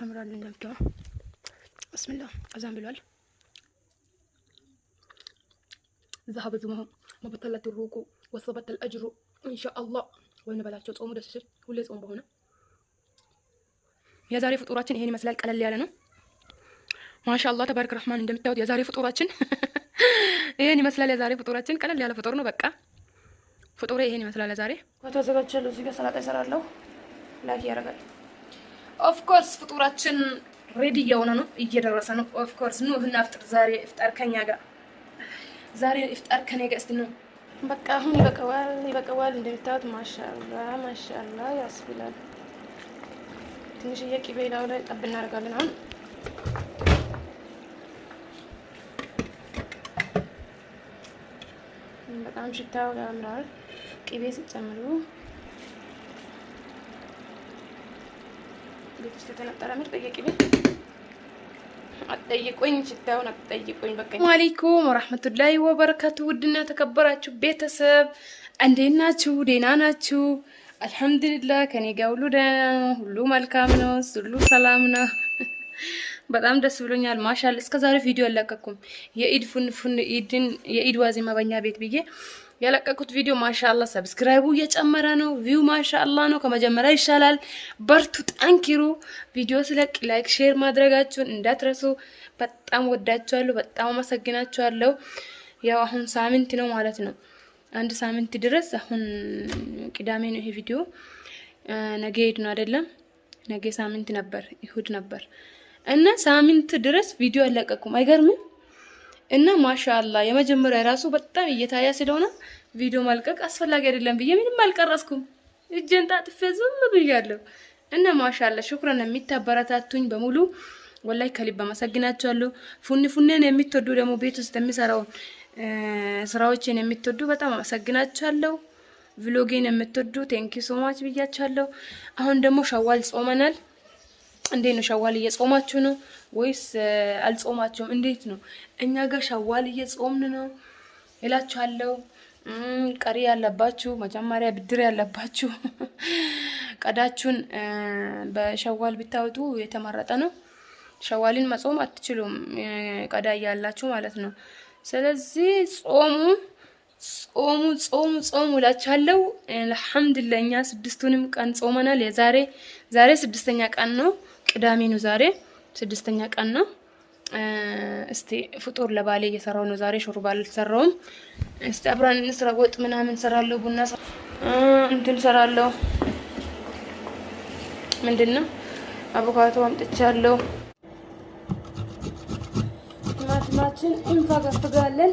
ተምሯል እንደምታው ብስምላ አዛን ብሏል። ዛሀበት መበተላት ሩቁ ወሰበተል አጅሩ እንሻአላ ወይን በላቸው። ጾሙ ደስ ሲል ሁሌ ጾም በሆነ የዛሬ ፍጡራችን ይሄን ይመስላል። ቀለል ያለ ነው። ማሻአላህ ተባረክ ረህማን። እንደምታዩት የዛሬ ፍጡራችን ይሄን ይመስላል። የዛሬ ፍጡራችን ቀለል ያለ ፍጡር ነው። በቃ ፍጡሬ ይሄን ይመስላል። ዛሬ ወተዘጋጀሉ እዚህ ጋር ሰላጣ ይሰራለሁ ላኪ ያደርጋል ኦፍኮርስ ፍጡራችን ሬዲ እየሆነ ነው፣ እየደረሰ ነው። ኦፍኮርስ ኑ እና ፍጥር ዛሬ ኢፍጣር ከኛ ጋር ዛሬ ኢፍጣር ከኔ ጋር ነው። በቃ አሁን ይበቀዋል፣ ይበቀዋል። እንደምታዩት ማሻላ ማሻላ ያስብላል። ትንሽ ቅቤ ላዩ ላይ ጠብ እናደርጋለን አሁን በጣም ሽታው ያምራል። ቅቤ ስጨምሩ የተነጠረ ምርጥ የቅቤ አትጠይቁኝ፣ ሽታውን አትጠይቁኝ። በቃ አለይኩም ወራህመቱላሂ ወበረካቱ። ውድና ተከበራችሁ ቤተሰብ እንዴት ናችሁ? ደህና ናችሁ? አልሐምዱሊላህ ከኔ ጋር ሁሉ ደህና ነው፣ ሁሉ መልካም ነው፣ ሁሉ ሰላም ነው። በጣም ደስ ብሎኛል። ማሻአላ እስከዛሬ ቪዲዮ አለቀኩም የኢድ ፉን ፉን ኢድን የኢድ ዋዜማ በኛ ቤት ብዬ የለቀኩት ቪዲዮ ማሻላ ሰብስክራይቡ እየጨመረ ነው። ቪው ማሻላ ነው። ከመጀመሪያ ይሻላል። በርቱ፣ ጠንኪሩ። ቪዲዮ ስለቅ ላይክ፣ ሼር ማድረጋችሁን እንዳትረሱ። በጣም ወዳችኋለሁ። በጣም አመሰግናችኋለሁ። ያው አሁን ሳምንት ነው ማለት ነው። አንድ ሳምንት ድረስ አሁን ቅዳሜ ነው ይሄ ቪዲዮ። ነገ ሄድ ነው አይደለም? ነገ ሳምንት ነበር፣ ይሁድ ነበር እና ሳምንት ድረስ ቪዲዮ አለቀኩም። አይገርምም? እና ማሻላ የመጀመሪያ ራሱ በጣም እየታያ ስለሆነ ቪዲዮ መልቀቅ አስፈላጊ አይደለም ብዬ ምንም አልቀረስኩም። እጄን ጣጥፌ ዝም ብያለሁ። እና ማሻላ ሽኩረን የሚታበረታቱኝ በሙሉ ወላይ ከልብ አመሰግናቸዋለሁ። ፉኒ ፉኔን የሚትወዱ ደግሞ ቤት ውስጥ የሚሰራው ስራዎችን የሚትወዱ በጣም አመሰግናቸዋለሁ። ቪሎጌን የምትወዱ ቴንኪ ሶማች ብያቸዋለሁ። አሁን ደግሞ ሸዋል ጾመናል። እንዴት ነው ሸዋል እየጾማችሁ ነው ወይስ አልጾማችሁም? እንዴት ነው? እኛ ጋር ሸዋል እየጾምን ነው እላችኋለሁ። ቀሪ ያለባችሁ መጀመሪያ ብድር ያለባችሁ ቀዳችሁን በሸዋል ብታወጡ የተመረጠ ነው። ሸዋልን መጾም አትችሉም ቀዳ እያላችሁ ማለት ነው። ስለዚህ ጾሙ ጾሙ ጾሙ ጾሙ እላችኋለሁ። አልሐምዱሊላህ እኛ ስድስቱንም ቀን ጾመናል። የዛሬ ዛሬ ስድስተኛ ቀን ነው። ቅዳሜ ነው ዛሬ፣ ስድስተኛ ቀን ነው። እስቲ ፍጡር ለባሌ እየሰራው ነው ዛሬ። ሾርባ አልሰራውም። እስቲ አብረን እንስራ። ወጥ ምናምን ሰራለሁ፣ ቡና እንትን ሰራለሁ። ምንድን ነው አቮካዶ አምጥቻለሁ። ቲማቲማችን እንፋገፍጋለን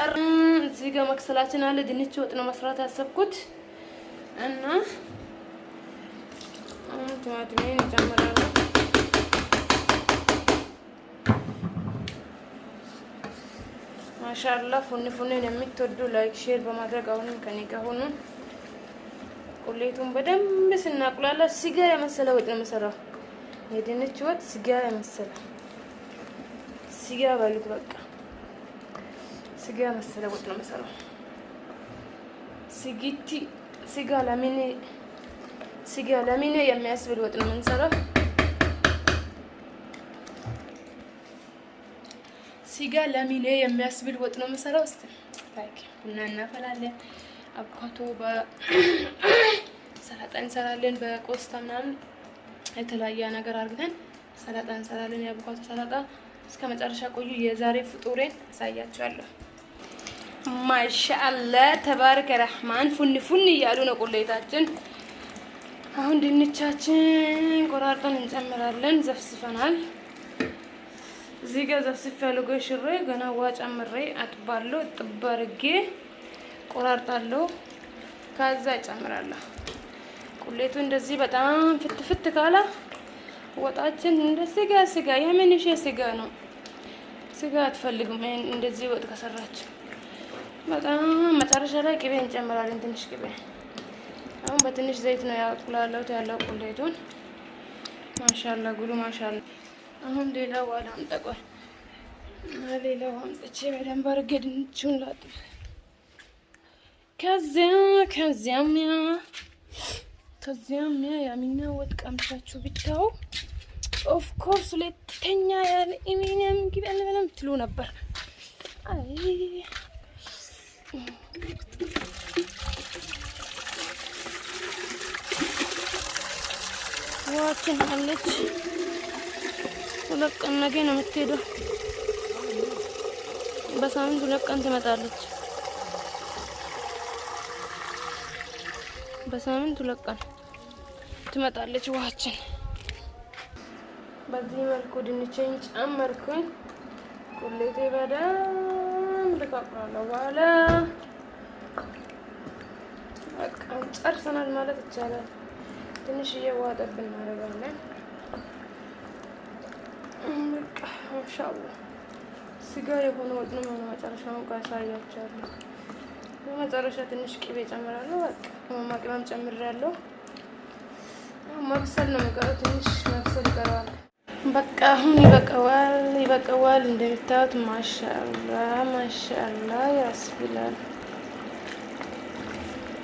ጨር እዚህ ጋር መክሰላችን አለ። ድንች ወጥ ነው መስራት ያሰብኩት እና ቲማቲሜን እጨምራለሁ። ማሻላ ፉን ፉኒን የምትወዱ ላይክ፣ ሼር በማድረግ አሁንም ከኔ ጋር ሁኑ። ቁሌቱን በደንብ ስናቁላላ ስጋ የመሰለ ወጥ ነው የምሰራው። የድንች ወጥ ስጋ የመሰለ ስጋ በሉት በቃ ስጋ መሰለ ወጥ ነው የምሰራው። ስጊቲ ስጋ ለሚኔ ስጋ ለሚኔ የሚያስብል ወጥ ነው የምንሰራው። ስጋ ለሚኒ የሚያስብል ወጥ ነው የምሰራው። እስቲ ታይክ ቡና እናፈላለን። አብካቶ በሰላጣ እንሰራለን። በቆስታ ምናምን የተለያየ ነገር አድርገን ሰላጣ እንሰራለን። የአቮካዶ ሰላጣ እስከ መጨረሻ ቆዩ። የዛሬ ፍጡሬን አሳያችኋለሁ። ማሻአላ ተባረከ ረህማን ፉን ፉን እያሉ ነው ቁሌታችን አሁን ድንቻችን ቆራርጠን እንጨምራለን። ዘፍስፈናል። እዚህ ጋር ዘፍስፍ ያለው ጎይ ሽሬ ገና ዋ ጨምሬ አጥባለሁ። ጥብ አድርጌ ቆራርጣለሁ። ከዛ እጨምራለሁ። ቁሌቱ እንደዚህ በጣም ፍትፍት ካለ ወጣችን እንደ ስጋ ስጋ የምን ስጋ ነው። ስጋ አትፈልግም እንደዚህ ወጥ ከሰራችሁ በጣም መጨረሻ ላይ ቅቤ እንጨምራለን። ትንሽ ቅቤ አሁን በትንሽ ዘይት ነው ያቁላለሁት ያለው ቁሌቱን። ማሻላ ጉሉ ማሻላ። አሁን ሌላ ዋላ አምጠቋል። ሌላው አምጥቼ በደንብ አድርጌ ድንቹን ላጥፍ። ከዚያ ከዚያምያ ከዚያምያ ያሚና ወጥ ቀምሳችሁ ብታው ኦፍኮርስ ሁለተኛ ያለ ኢሚኒየም ግቢ አለ ብለም ትሉ ነበር አይ ትሄዳለች። ሁለት ቀን ነገ ነው የምትሄደው። በሳምንት ሁለት ቀን ትመጣለች። በሳምንት ሁለት ቀን ትመጣለች። ውሃችን በዚህ መልኩ ድንቼን ጨመርኩኝ። ቁሌቴ በደንብ ልቀቅላለሁ። በኋላ በቃ ጨርሰናል ማለት ይቻላል። ትንሽዬ ውሃ ጠብ እናደርጋለን። በቃ ኢንሻአላህ ስጋ የሆነ ወጥ ነው የሚሆነው። መጨረሻውን ቆይ በመጨረሻ ትንሽ ቅቤ ጨምራለሁ። በቃ ቅመማ ቅመም ጨምሬያለሁ። መብሰል ነው የሚቀረው፣ ትንሽ መብሰል ይቀረዋል። በቃ አሁን ይበቀዋል ይበቃዋል። እንደምታዩት ማሻላ ማሻአላ ያስብላል።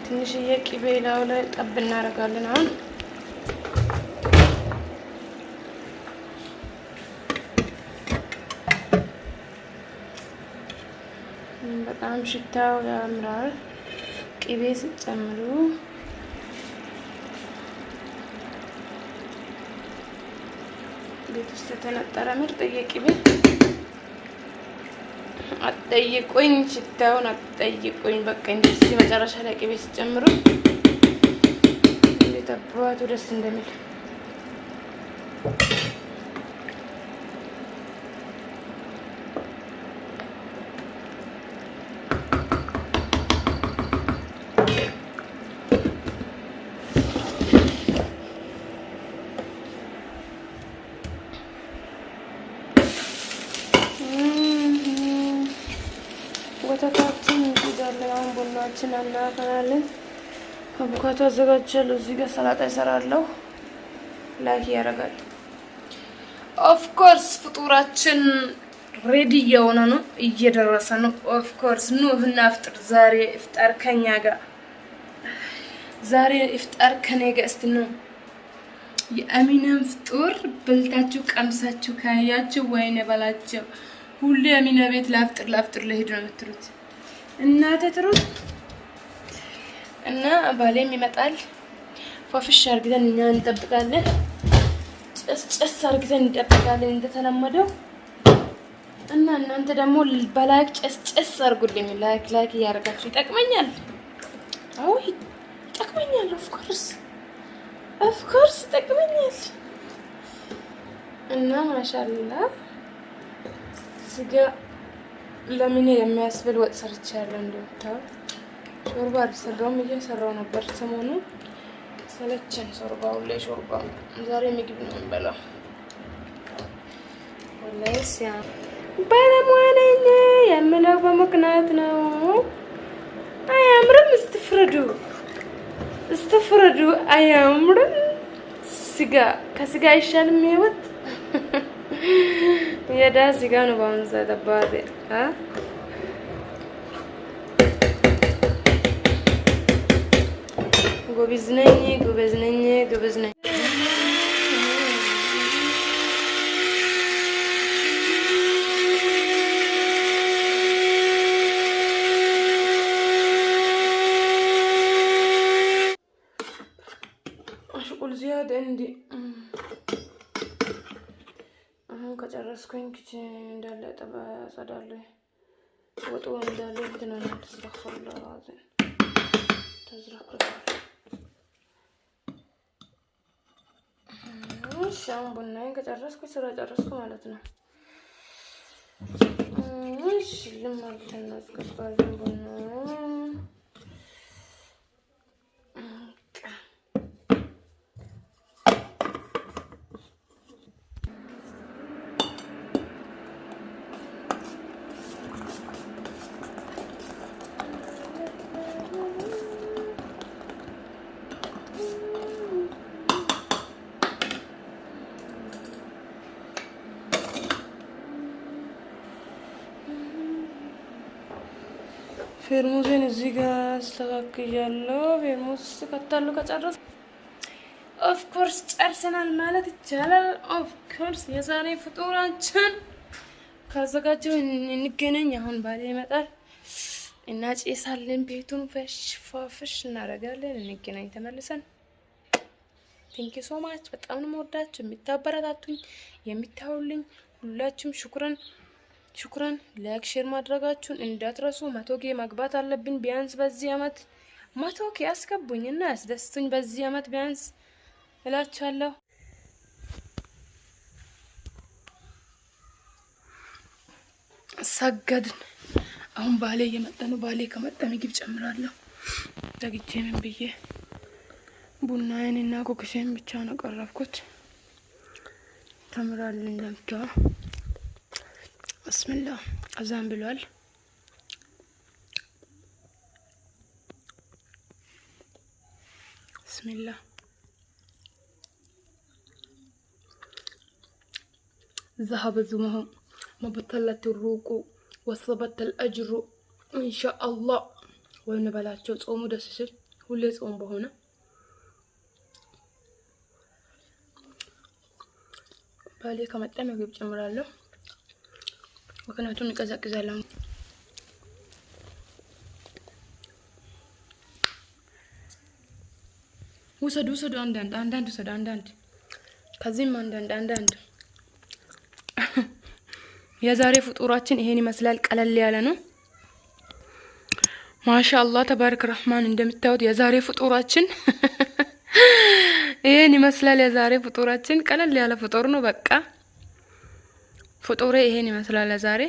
ትንሽዬ ቅቤ ላዩ ላይ ጠብ እናደርጋለን አሁን በጣም ሽታው ያምራል። ቅቤ ስጨምሩ ቤት ውስጥ የተነጠረ ምርጥ የቅቤ አጠይቁኝ፣ ሽታውን አጠይቁኝ በቃ እንደዚህ መጨረሻ ላይ ቅቤ ስጨምሩ እንዴት አባቱ ደስ እንደሚል ወተታችን እንጥዳለን። አሁን ቡናችን እናፈላለን። አቮካዶ አዘጋጃለሁ። እዚህ ጋር ሰላጣ ይሰራለሁ። ላይ ያደርጋል። ኦፍኮርስ ፍጡራችን ሬዲ እየሆነ ነው፣ እየደረሰ ነው። ኦፍኮርስ ኑ እናፍጥር። ዛሬ ኢፍጣር ከኛ ጋር ዛሬ ኢፍጣር ከኔ ጋር እስቲ ነው የአሚናን ፍጡር በልታችሁ ቀምሳችሁ ካያችሁ ወይኔ በላቸው ሁሌ የሚና ቤት ላፍጥር ላፍጥር ለሄድ ነው የምትሉት እናተ ትሩት እና ባሌም ይመጣል። ፎፍሽ አርግተን እኛ እንጠብቃለን። ጨስ ጨስ አርግተን እንጠብቃለን እንደተለመደው እና እናንተ ደግሞ በላይክ ጨስ ጨስ አርጉልኝ። ላይክ ላይክ እያደረጋችሁ ይጠቅመኛል። አዎ ይጠቅመኛል። ኦፍኮርስ ኦፍኮርስ ይጠቅመኛል እና ማሻአላህ ስጋ ለምን የሚያስብል ወጥ ሰርቻለሁ። እንደምታዩት ሾርባ አልሰራውም፣ እየሰራው ነበር ሰሞኑ ሰለችን ሾርባ ላይ ሾርባ። ዛሬ ምግብ ነው የምንበላው። ባለሙያ ነኝ የምለው በምክንያት ነው። አያምርም? እስትፍረዱ እስትፍረዱ። አያምርም? ስጋ ከስጋ አይሻልም ይወጥ የዳስ ጋ ነው በአሁኑ ሰዓት አባቴ ጎበዝ ነኝ፣ ጎበዝ ነኝ፣ ጎበዝ ነኝ። ሽቁል ዚያድ ከጨረስኩኝ ኪችን እንዳለ ጠበ ወጡ እንዳለ ብትነና ተዝረክፈሉ እሺ አሁን ቡናዬን ከጨረስኩ ስራ ጨረስኩ ማለት ነው። እሺ ፌርሙዝን እዚህ ጋር አስተካክያለሁ። ፌርሙዝ ከታሉ ከጨረስ ኦፍኮርስ ጨርሰናል ማለት ይቻላል። ኦፍኮርስ የዛሬ ፍጡራችን ካዘጋጀው እንገናኝ። አሁን ባለ ይመጣል እና ጭሳለን፣ ቤቱን ፈሽ ፋፍሽ እናደርጋለን። እንገናኝ ተመልሰን። ቴንኪ ሶ ማች በጣም ነው የምወዳችሁ፣ የሚታበረታቱኝ፣ የሚታዩልኝ ሁላችሁም ሽኩረን ሹክራን ላይክ ሼር ማድረጋችሁን እንዳትረሱ። መቶ ኬ መግባት አለብን ቢያንስ በዚህ አመት መቶ ኬ አስገቡኝ እና አስደስቱኝ በዚህ አመት ቢያንስ እላችኋለሁ። ሰገድን። አሁን ባሌ እየመጣ ነው። ባሌ ከመጣ ምግብ ጨምራለሁ። ዘግቼ ምን ብዬ ቡናዬን እና ኩክሴን ብቻ ነው ቀረብኩት። ተምራል እንደምታ ብስምላ አዛን ብሏል። ብስምላ ذهب ذمهم መበተለት ሩቁ ወሰበተል አጅሩ ኢንሻአላህ ወይ እንበላቸው። ጾሙ ደስ ሲል ሁሌ ጾም በሆነ ባሌ ከመጣ ምግብ ጨምራለሁ። ምክንያቱም ይቀዘቅዛል። ውሰዱ ውሰዱ፣ አንዳንድ አንዳንድ ውሰዱ፣ አንዳንድ ከዚህም አንዳንድ አንዳንድ። የዛሬ ፍጡራችን ይሄን ይመስላል። ቀለል ያለ ነው። ማሻአላ ተባረክ ረህማን። እንደምታዩት የዛሬ ፍጡራችን ይሄን ይመስላል። የዛሬ ፍጡራችን ቀለል ያለ ፍጡር ነው። በቃ ፍጡሬ ይሄን ይመስላል ዛሬ።